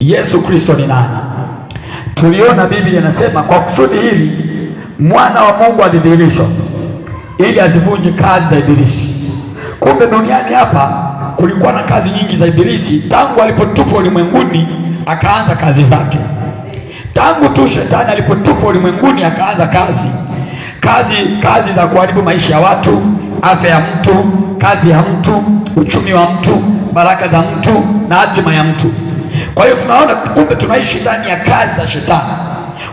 Yesu Kristo ni nani? Tuliona Biblia inasema kwa kusudi hili mwana wa Mungu alidhihirishwa ili azivunje kazi za Ibilisi. Kumbe duniani hapa kulikuwa na kazi nyingi za Ibilisi tangu alipotupwa ulimwenguni akaanza kazi zake. Tangu tu shetani alipotupwa ulimwenguni akaanza kazi kazi kazi za kuharibu maisha ya watu, afya ya mtu, kazi ya mtu, uchumi wa mtu, baraka za mtu na hatima ya mtu. Kwa hiyo tunaona kumbe tunaishi ndani ya kazi za shetani.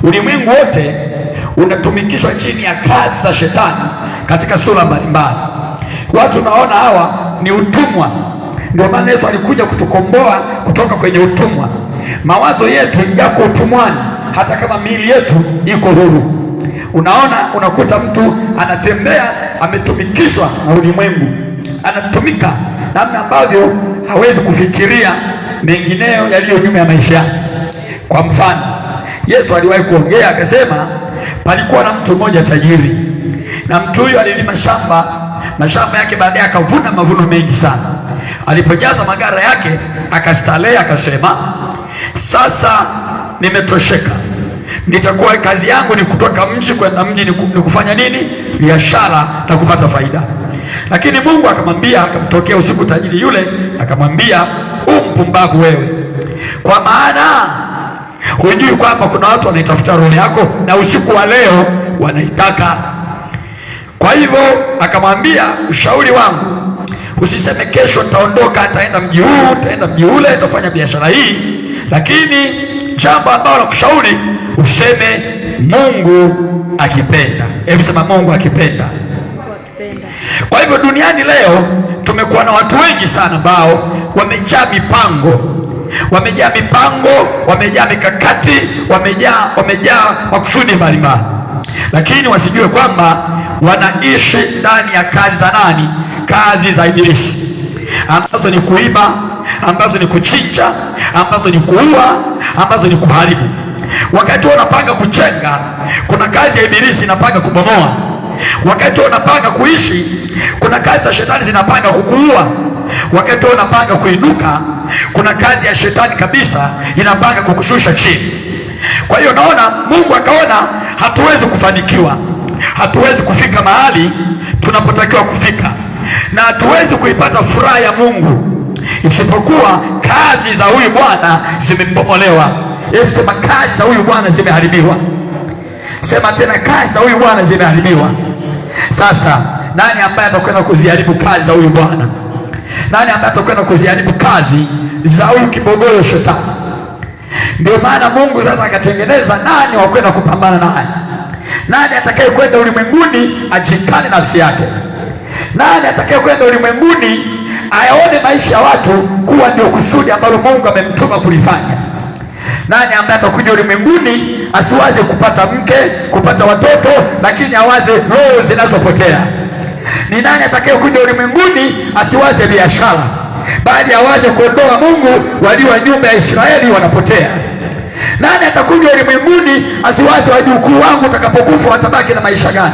Ulimwengu wote unatumikishwa chini ya kazi za shetani katika sura mbalimbali. Watu naona hawa ni utumwa, ndio maana Yesu alikuja kutukomboa kutoka kwenye utumwa. Mawazo yetu yako utumwani, hata kama miili yetu iko huru. Unaona, unakuta mtu anatembea ametumikishwa na ulimwengu, anatumika namna ambavyo hawezi kufikiria mengineyo yaliyo nyuma ya maisha yake Kwa mfano, Yesu aliwahi kuongea akasema, palikuwa na mtu mmoja tajiri, na mtu huyo alilima shamba mashamba yake, baadaye akavuna mavuno mengi sana. Alipojaza magara yake akastarehe, akasema, sasa nimetosheka, nitakuwa kazi yangu ni kutoka mji kwenda mji, ni kufanya nini? Biashara na kupata faida. Lakini Mungu akamwambia, akamtokea usiku tajiri yule, akamwambia umpumbavu wewe, kwa maana hujui kwamba kuna watu wanaitafuta roho yako na usiku wa leo wanaitaka. Kwa hivyo akamwambia, ushauri wangu usiseme kesho nitaondoka, nitaenda mji huu, nitaenda mji ule, nitafanya biashara hii, lakini jambo ambalo nakushauri useme Mungu akipenda. Hebu sema Mungu akipenda. Mungu akipenda. Kwa hivyo duniani leo tumekuwa na watu wengi sana ambao wamejaa mipango wamejaa mipango, wamejaa mikakati, wamejaa wamejaa makusudi mbalimbali, lakini wasijue kwamba wanaishi ndani ya kazi za nani? Kazi za Ibilisi, ambazo ni kuiba, ambazo ni kuchinja, ambazo ni kuua, ambazo ni kuharibu. Wakati wanapanga kuchenga, kuna kazi ya Ibilisi inapanga kubomoa Wakati unapanga kuishi, kuna kazi za shetani zinapanga kukuua. Wakati unapanga kuinuka, kuna kazi ya shetani kabisa inapanga kukushusha chini. Kwa hiyo naona Mungu akaona hatuwezi kufanikiwa, hatuwezi kufika mahali tunapotakiwa kufika, na hatuwezi kuipata furaha ya Mungu isipokuwa kazi za huyu bwana zimebomolewa. Hebu sema kazi za huyu bwana zimeharibiwa. Sema tena kazi za huyu bwana zimeharibiwa. Sasa nani ambaye atakwenda kuziharibu kazi za huyu bwana? Nani ambaye atakwenda kuziharibu kazi za huyu kibogoyo shetani? Ndio maana Mungu sasa akatengeneza nani wakwenda kupambana naye, nani atakaye kwenda ulimwenguni ajikane nafsi yake, nani atakaye kwenda ulimwenguni ayaone maisha ya watu kuwa ndio kusudi ambalo Mungu amemtuma kulifanya, nani ambaye atakuja ulimwenguni asiwaze kupata mke, kupata watoto, lakini awaze roho zinazopotea. Ni nani kuja ulimwenguni asiwaze biashara, bali awaze kuondoa Mungu, walio nyumba ya Israeli wanapotea. Nani atakuja ulimwenguni asiwaze wajukuu wangu utakapokufa watabaki na maisha gani?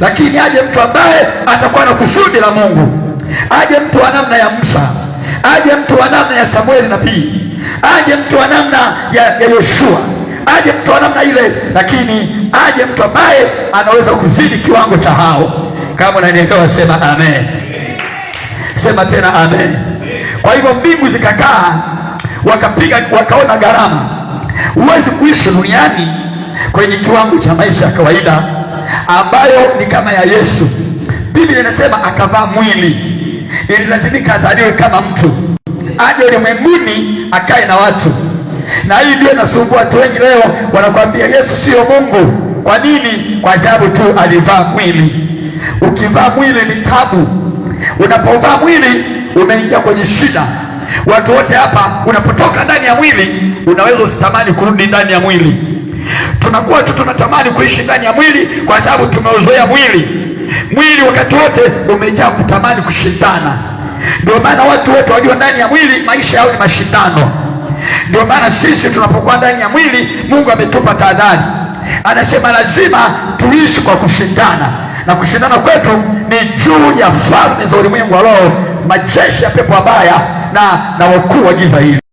Lakini aje mtu ambaye atakuwa na kusudi la Mungu, aje mtu wa namna ya Musa, aje mtu wa namna ya Samueli na pili, aje mtu wa namna ya Yoshua aje mtu wa namna ile, lakini aje mtu ambaye anaweza kuzidi kiwango cha hao. Kama unanielewa, sema amen, sema tena amen. Kwa hivyo mbingu zikakaa, wakapiga, wakaona gharama. Huwezi kuishi duniani kwenye kiwango cha maisha ya kawaida ambayo ni kama ya Yesu. Biblia inasema akavaa mwili, ililazimika azaliwe kama mtu, aje ulimwenguni akae na watu na hii ndio inasumbua watu wengi leo, wanakwambia Yesu siyo Mungu. Kwa nini? Kwa sababu tu alivaa mwili. Ukivaa mwili ni tabu, unapovaa mwili unaingia kwenye shida. Watu wote hapa, unapotoka ndani ya mwili unaweza usitamani kurudi ndani ya mwili. Tunakuwa tu tunatamani kuishi ndani ya mwili kwa sababu tumeuzoea mwili. Mwili wakati wote umejaa kutamani kushindana, ndio maana watu wote walio ndani ya mwili maisha yao ni mashindano. Ndio maana sisi tunapokuwa ndani ya mwili, Mungu ametupa tahadhari, anasema lazima tuishi kwa kushindana, na kushindana kwetu ni juu ya falme za ulimwengu wa roho, majeshi ya pepo wabaya na na wakuu wa giza hili.